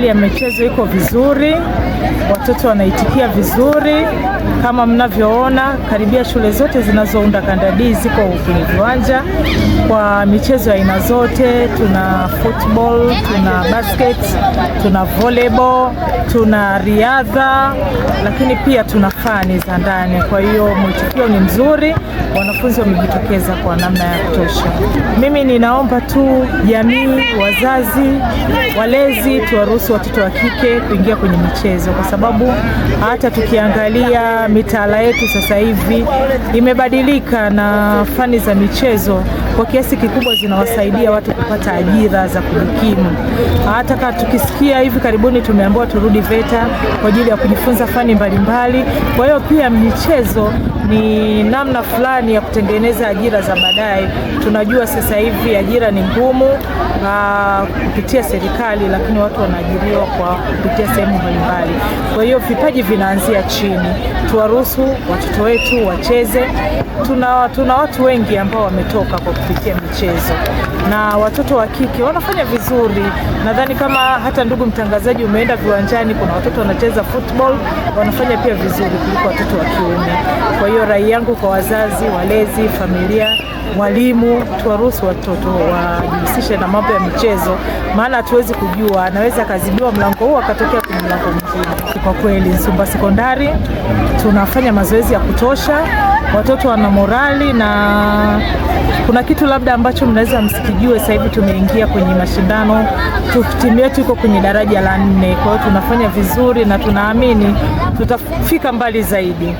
hali ya michezo iko vizuri, watoto wanaitikia vizuri. Kama mnavyoona, karibia shule zote zinazounda kandadii ziko kwenye viwanja kwa michezo ya aina zote. Tuna football, tuna basket, tuna volleyball, tuna riadha, lakini pia tuna fani za ndani. Kwa hiyo mwitikio ni mzuri, wanafunzi wamejitokeza kwa namna ya kutosha. Mimi ninaomba tu jamii, wazazi, walezi tuwaruhusu kuruhusu watoto wa kike kuingia kwenye michezo, kwa sababu hata tukiangalia mitaala yetu sasa hivi imebadilika, na fani za michezo kwa kiasi kikubwa zinawasaidia watu kupata ajira za kujikimu. Hata kama tukisikia hivi karibuni tumeambiwa turudi VETA kwa ajili ya kujifunza fani mbalimbali, kwa hiyo pia michezo ni namna fulani ya kutengeneza ajira za baadaye. Tunajua sasa hivi ajira ni ngumu ah, kupitia serikali, lakini watu wanaajiriwa kwa kupitia sehemu mbalimbali. Kwa hiyo vipaji vinaanzia chini, tuwaruhusu watoto wetu wacheze. Tuna, tuna watu wengi ambao wametoka kwa kupitia michezo na watoto wa kike wanafanya vizuri. Nadhani kama hata ndugu mtangazaji umeenda viwanjani, kuna watoto wanacheza football wanafanya pia vizuri kuliko watoto wa kiume. Kwa hiyo rai yangu kwa wazazi, walezi, familia mwalimu, tuwaruhusu watoto wajihusishe na mambo ya michezo, maana hatuwezi kujua, anaweza akazibiwa mlango huu akatokea kwenye mlango mwingine. Kwa kweli Nsumba Sekondari tunafanya mazoezi ya kutosha, watoto wana morali na kuna kitu labda ambacho mnaweza msikijue. Sasa hivi tumeingia kwenye mashindano, timu yetu iko kwenye daraja la nne. Kwa hiyo tunafanya vizuri na tunaamini tutafika mbali zaidi.